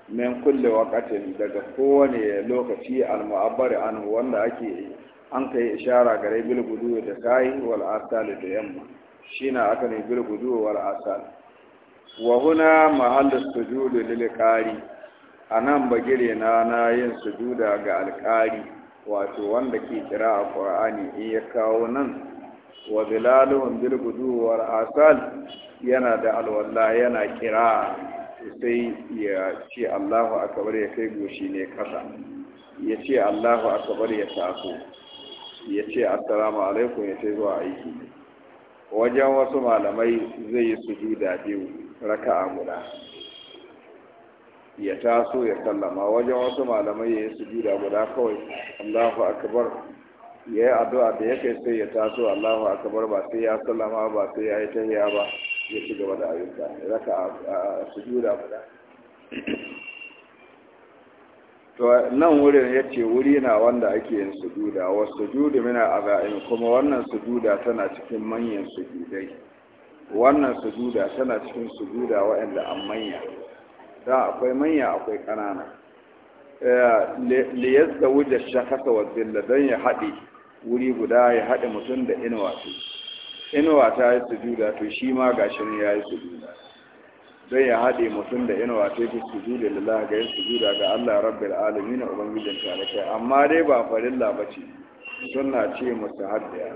Speaker 2: min kulle waqatin daga kowane lokaci al-mu'abbar an wanda ake an kai ishara gare bil gudu da kai wal asal da yamma shina aka ne bil gudu wal asal wa huna mahallu sujudu lil qari anan bagire na na yin sujuda ga alqari wato wanda ke kira a qur'ani in eh, ya kawo nan wa zilaluhum bil gudu wa asal yana da alwalla yana kira sai ya ce Allahu akbar ya kai goshi ne kasa ya ce Allahu akbar ya taso ya ce assalamu alaikum ya ce zuwa aiki wajen wasu malamai zai yi sujuda biyu raka'a guda ya taso ya sallama wajen wasu malamai ya yi sujuda guda kawai Allahu akbar ya yi addu'a da ya kai sai ya taso Allahu akbar ba sai ya sallama ba sai ya yi tahiya ba ya ci gaba da ayyuka raka'a sujuda guda to nan wurin ya ce wuri na wanda ake yin sujuda wasu sujudu mina a kuma wannan sujuda tana cikin manyan sujudai wannan sujuda tana cikin sujuda waɗanda an manya da akwai manya akwai ƙanana eh, liyar da wujar shakasa wa zilla don ya haɗe wuri guda ya haɗe mutum da inuwa ce inuwa ta yi sujuda to shi ma gashin ya yi sujuda don ya haɗe mutum da inuwa ce fi sujuda lillahi ga yin sujuda ga allah rabbil alamin ubangijin tare amma dai ba farilla ba ce sunna ce musu haddiya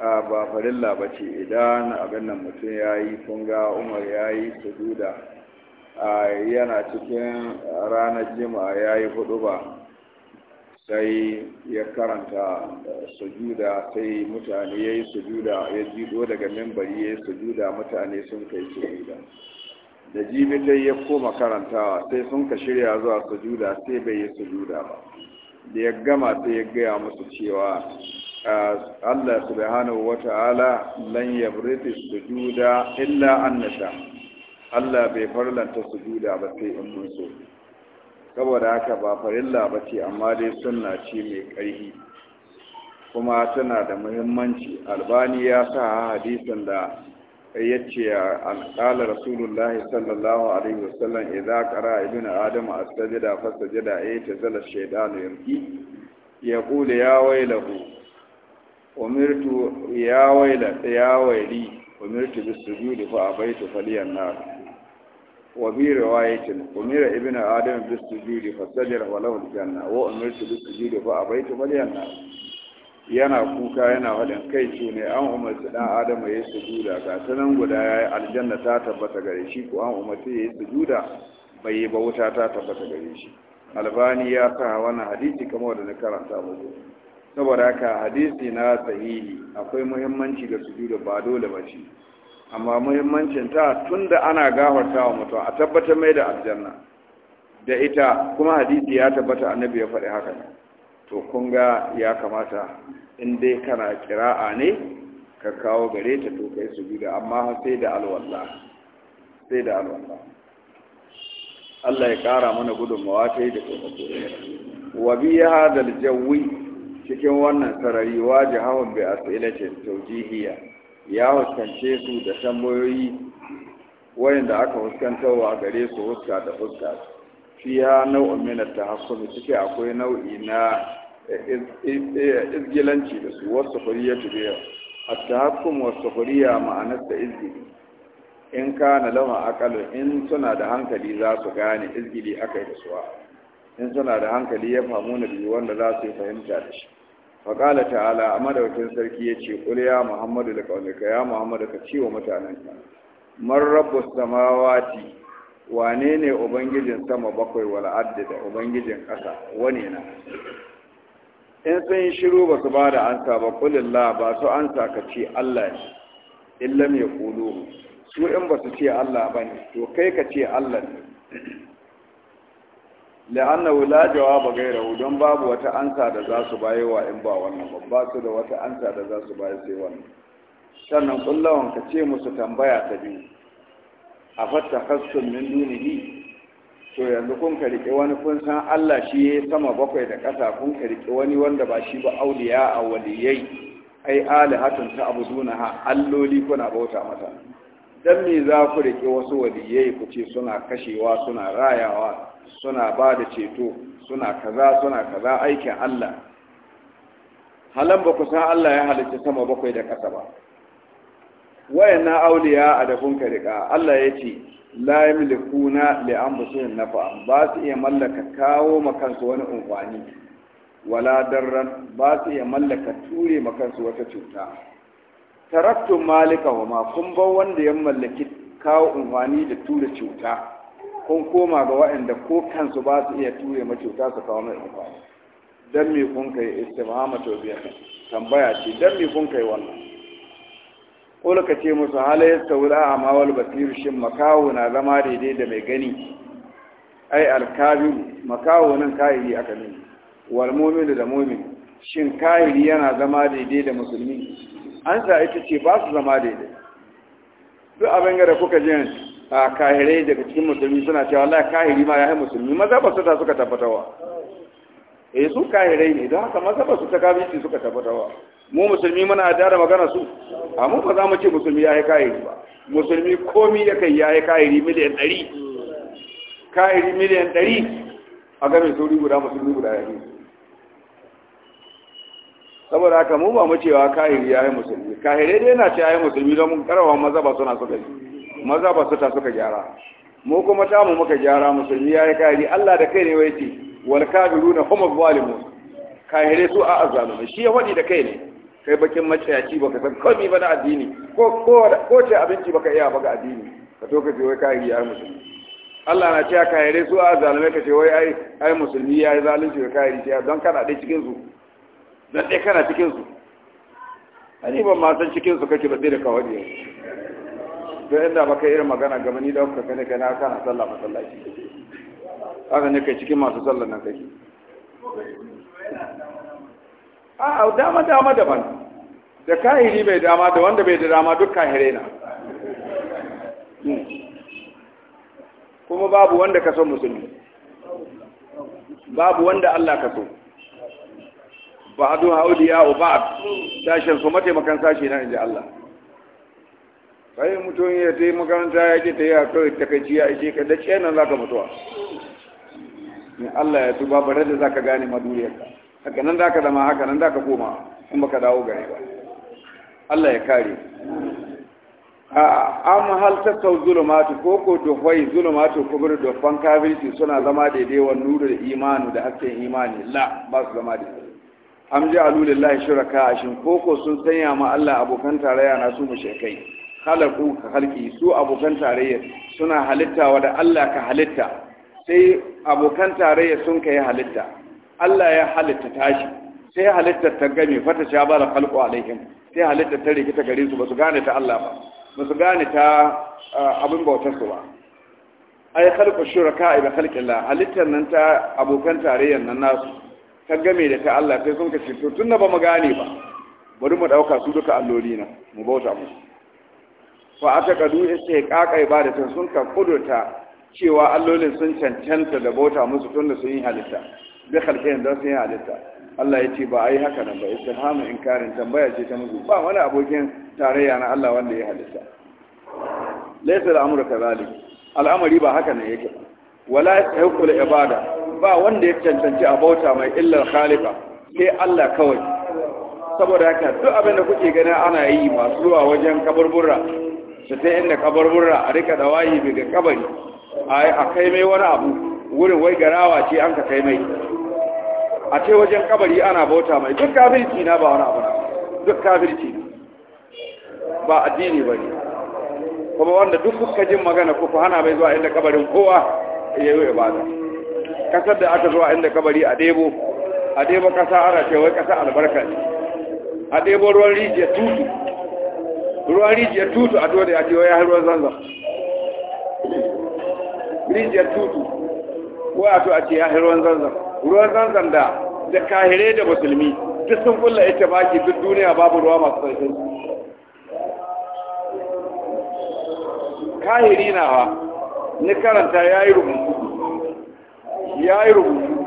Speaker 2: ba farilla ba ce idan abin nan mutum ya yi funga, umar ya yi sujuda yana cikin ranar jima'a ya yi hudu ba sai ya karanta sujuda sai mutane ya yi sujuda ya jido daga membari ya yi sujuda mutane sun kai sujuda da dai ya koma karantawa sai sun ka shirya zuwa sujuda sai bai yi sujuda ba da ya gama sai ya gaya musu cewa Allah subhanahu wa ta'ala lan yabridu sujuda illa annasha Allah bai farlanta sujuda ba sai in mun so saboda haka ba farilla ba ce amma dai sunna ce mai ƙarfi kuma tana da muhimmanci albani ya sa hadisin da ya ce alƙala rasulullah sallallahu alaihi wasallam idza qara ibn adam as-sajda fa sajada ay tazala shaytanu yamki yaqulu ya waylahu umirtu ya waila ya waili umirtu bis sujudi fa abaitu faliyan nar wa bi riwayatin umira ibnu adam bis sujudi fa sajara wa lahu janna wa umirtu bis sujudi fa abaitu faliyan nar yana kuka yana faɗin kai ce ne an umarci ɗan adam ya yi sujuda ga sanan guda ya yi aljanna ta tabbata gare shi ko an umarci ya yi sujuda bai yi bauta ta tabbata gare shi albani ya sa wannan hadisi kamar da na karanta muku saboda haka hadisi na sahihi akwai muhimmanci ga sujuda ba dole ba shi amma muhimmancin ta tunda ana gafarta wa mutum a tabbatar mai da aljanna da ita kuma hadisi ya tabbata annabi ya faɗi haka to kun ga ya kamata in dai kana kira'a ne ka kawo gare ta to kai sujuda amma sai da alwala sai da alwala Allah ya kara mana gudunmawa ta yi da tsofaffin wa biya da jawi cikin wannan sarari waje hawan bai asilatin taujihiya ya huskance su da tambayoyi wayanda aka wa gare su huska da huska ya nau'in min tahakkumi ciki akwai nau'i na izgilanci da su wasu huriya tubiya at-tahakkum wasu huriya ma'anar da izgili in ka na lama aqalu in suna da hankali za su gane izgili yi da suwa in suna da hankali ya famu na biyu wanda za su yi fahimta da shi faƙala ta'ala a madaukin sarki ya ce ƙul ya muhammadu da ƙaunuka ya muhammadu ka ce wa mutanen ka. man rabbus samawati wane ne ubangijin sama bakwai wal adda da ubangijin ƙasa wane na in sun yi shiru ba su ba da ansa ba kulillah ba su ansa ka ce Allah ne illam ya kulu su in ba su ce Allah ba ne to kai ka ce Allah ne la'anna la jawaba gairahu don babu wata ansa da za su baye wa in ba wannan ba su da wata ansa da za su baye sai wannan sannan kullawan ka ce musu tambaya ta biyu a fatta hassun min dunihi to yanzu kun ka rike wani kun san Allah shi ya sama bakwai da ƙasa kun ka rike wani wanda ba shi ba auliya a waliyai ai alihatun ta abuduna ha alloli kuna bauta mata. dan me za ku riƙe wasu waliyai ku ce suna kashewa suna rayawa suna ba da ceto suna kaza suna kaza aikin Allah halan ba ku san Allah ya halitta sama bakwai da ƙasa ba wayanna auliya a da kun Allah ya ce la yamlikuna li anfusihim nafa ba su iya mallaka kawo makansu wani umfani wala darran ba su iya mallaka ture makansu wata cuta taraktun malika ma kun bar wanda ya mallaki kawo unhwani da tura cuta kun koma ga waɗanda ko kansu ba su iya ture ma cuta su kawo mai unhwani dan me kun kai istimama to biya tambaya ce dan me kun kai wannan kola ka ce musu halayyar saura a mawal basiru shin makawo na zama daidai da mai gani ai alkabiru makawo nan kahiri aka nuna wal mumin da mumin shin kahiri yana zama daidai da musulmi an sa ita ce ba su zama daidai duk abin da kuka jin a kahirai daga cikin musulmi suna cewa Allah kahiri ma ya yi musulmi maza ba su ta suka tabbatawa eh su kahirai ne don haka maza ba su ta kafirci suka tabbatawa mu musulmi muna da da magana su amma ba za mu ce musulmi ya yi kahiri ba musulmi komi ya kai ya yi kahiri miliyan ɗari kahiri miliyan ɗari a game sauri guda musulmi guda ya yi saboda haka mu ba mu cewa kahiri yayin musulmi kahire dai yana ce yayin musulmi don mun karawa maza ba suna suka maza ba su ta suka gyara mu kuma ta mu muka gyara musulmi yayin kahiri Allah da kai ne wai ce wal kafiruna hum zalimun kahire su a azalumi shi ya wadi da kai ne kai bakin maciyaci baka san komai ba na addini ko ko ko ce abinci baka iya ba ga addini ka to ka ce wai kahiri yayin musulmi Allah na cewa kahire su a azalumi ka ce wai ai ai musulmi yayin zalunci ga kahiri don kana da cikin su don ɗaya kana cikinsu a ni ban ma san cikinsu kake ba sai da kawai yau don inda ba kai irin magana gaba ni da kuka kane kai na kana sallah masallaci haka ne kai cikin masu sallah nan kake a dama dama daban da kahiri bai dama da wanda bai da dama duk kahire na hmm. kuma babu wanda ka so musulmi babu wanda Allah ka so ba hadu hauliya wa ba sashen su mataimakan sashi na inji Allah sai mutum ya ta yi makaranta ya ji ta yi a kawai takaici ya ji ka da nan za ka mutuwa Ni Allah ya tuba bare da za ka gane ka haka nan zaka ka zama haka nan zaka ka koma in baka dawo gare ba Allah ya kare an haltattar zulumatu ko ko hoyi zulumatu gudu da fankabilti suna zama daidai wa nuru da imanu da hasken imani la ba su zama daidai am ja'alu lillahi shuraka shin koko sun sanya ma Allah abokan tarayya na su mushrikai khalaqu ka halki su abokan tarayya suna halitta wa da Allah ka halitta sai abokan tarayya sun kai halitta Allah ya halitta tashi sai halitta ta game fata shabara khalqu alaihim sai halitta ta rikita gare su basu gane ta Allah ba basu gane ta abin bautar su ba ai khalqu shuraka bi khalqillah halittar nan ta abokan tarayyan nan nasu ta game da ta Allah sai sun ka ce to tunda ba mu gane ba bari mu dauka su duka alloli na mu bauta mu fa aka kadu istihqaqai ba da sun ka kudurta cewa allolin sun cancanta da bauta musu tunda sun yi halitta bi khalqin da sun yi halitta Allah ya ce ba ai haka nan ba istirhamu inkarin tambaya ce ta musu ba wani abokin tarayya na Allah wanda ya halitta laysa al-amru kadhalik al'amari ba haka ne yake wala yahiqu al-ibada ba wanda ya cancanci a bauta mai illar khalifa sai Allah kawai saboda haka duk abin da kuke gani ana yi masu zuwa wajen kaburbura su sai inda kaburbura a rika wayi daga kabari a kai mai wani abu wurin wai garawa ce an ka kai mai a ce wajen kabari ana bauta mai duk kafirci na ba wani abu na duk kafirci ba addini ba ne kuma wanda duk kuka jin magana kuka hana mai zuwa inda kabarin kowa ya yi ibada kasar da aka zuwa inda kabari a debo a debo kasa ana cewa kasa albarka ne a debo ruwan rijiya tutu ruwan rijiya tutu a dole a cewa ya yi ruwan zanzan rijiya tutu ko a to a ce ya yi ruwan zanzan ruwan zanzan da da kahire da musulmi duk sun kulla ita baki duk duniya babu ruwa masu sarkin kahiri na ha ni karanta ya yi rubutu ya yi rubutu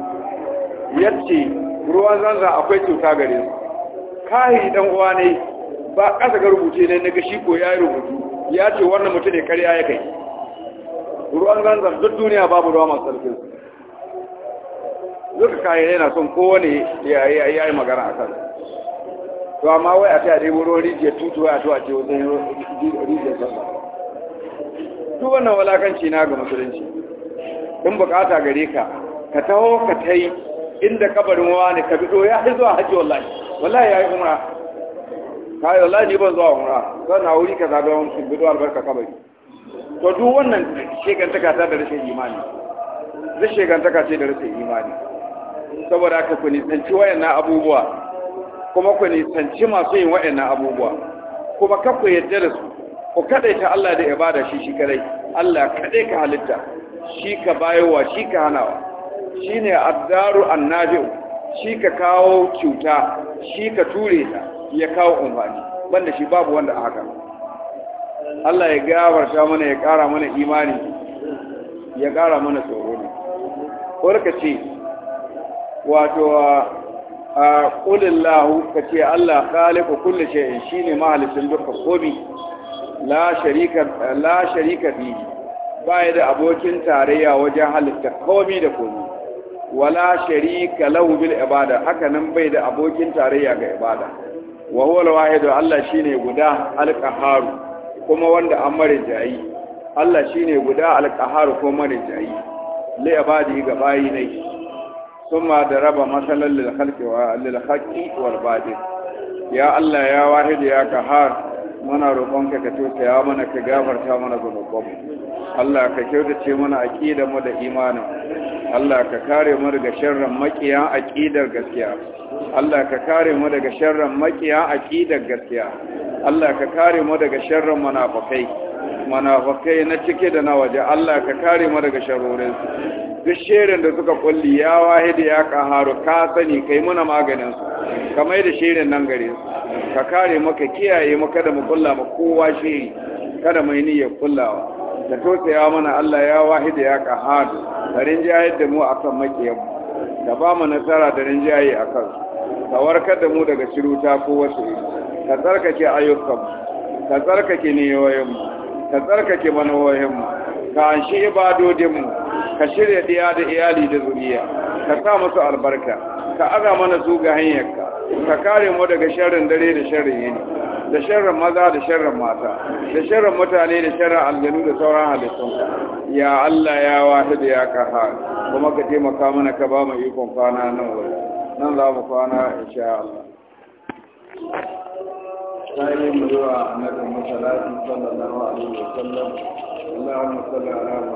Speaker 2: ce ruwan zanzan akwai cuta gare su kahi dan uwa ne ba kasa ga rubuce ne daga shi ko ya yi rubutu ya ce wannan mutum ne karya ya kai ruwan zanzan duk duniya babu ruwa masu sarfin duka kayan yana son kowane ya yi magana a kan to amma wai a ta yi ruwan rijiyar tutuwa a tuwa ce wajen rijiyar zanzan duk wannan walakanci na ga musulunci in bukata gare ka ka taho ka ta yi inda kabarin wani ka bido ya yi zuwa hajji wallahi wallahi ya yi umra ka yi wallahi ni ban zuwa umra zan na wuri zaɓe wani su bido albarka kabari to duk wannan shekantaka ta da rashin imani zai shekantaka ce da rashin imani saboda haka ku nisanci wayannan abubuwa kuma ku nisanci masu yin wayannan abubuwa kuma kakku yadda da su ku kadaita Allah da ibada shi shi kadai Allah kadai ka halitta shi ka bayowa shi ka hanawa shine addaru annabi'u shi ka kawo cuta shi ka ture ta ya kawo umfani banda shi babu wanda a haka Allah ya gabarta mana ya kara mana imani ya kara mana tsoro ne ka ce wato a ƙulillahu ka ce Allah khaliku kulli shay'in shine mahalicin dukkan komai la sharika la sharika bihi bai da abokin tarayya wajen halitta komai da komai wala sharika lahu bil ibada haka nan bai da abokin tarayya ga ibada wa huwa al-wahid Allah shine guda al-qahhar kuma wanda an marijayi Allah shine guda al-qahhar ko marijayi li ibadi ga bayi ne kuma da raba masalan lil khalqi wa lil haqqi wal batil ya Allah ya wahid ya qahhar muna roƙonka ka tausaya mana ka gafarta mana zunubanmu Allah ka kyautace mana aqidar mu da imanin Allah ka kare mu daga sharrin makiya aqidar gaskiya Allah ka kare mu daga sharrin makiya aqidar gaskiya Allah ka kare mu daga sharrin munafikai munafikai na cike da na waje Allah ka kare mu daga sharorin duk shirin da suka kulli ya wahidi ya kaharu ka sani kai muna maganin su kamar da shirin nan gare su ka kare mu ka kiyaye mu kada mu kulla mu kowa shiri kada mu yi niyyar kullawa da tausaya mana Allah ya wahida ya kahar da rinjayar da mu akan makiyanmu da ba mu nasara da rinjaye a kansu ka warkar da mu daga shiruta ko wasu iri ka tsarkake ayyukanmu ka tsarkake niyoyinmu ka tsarkake manoyinmu ka anshi ibadodinmu ka shirya diya da iyali da zuriya ka sa musu albarka ka aza mana su ga hanyarka ka kare mu daga sharrin dare da sharrin yini da sharrin maza da sharrin mata da sharrin mutane da sharrin aljanu da sauran halittun ya Allah ya wahid ya kahar kuma ka taimaka mana ka ba mu ikon kwana nan wuri nan za mu kwana insha Allah sai mu zuwa annabi sallallahu alaihi wasallam
Speaker 1: Allahumma salli ala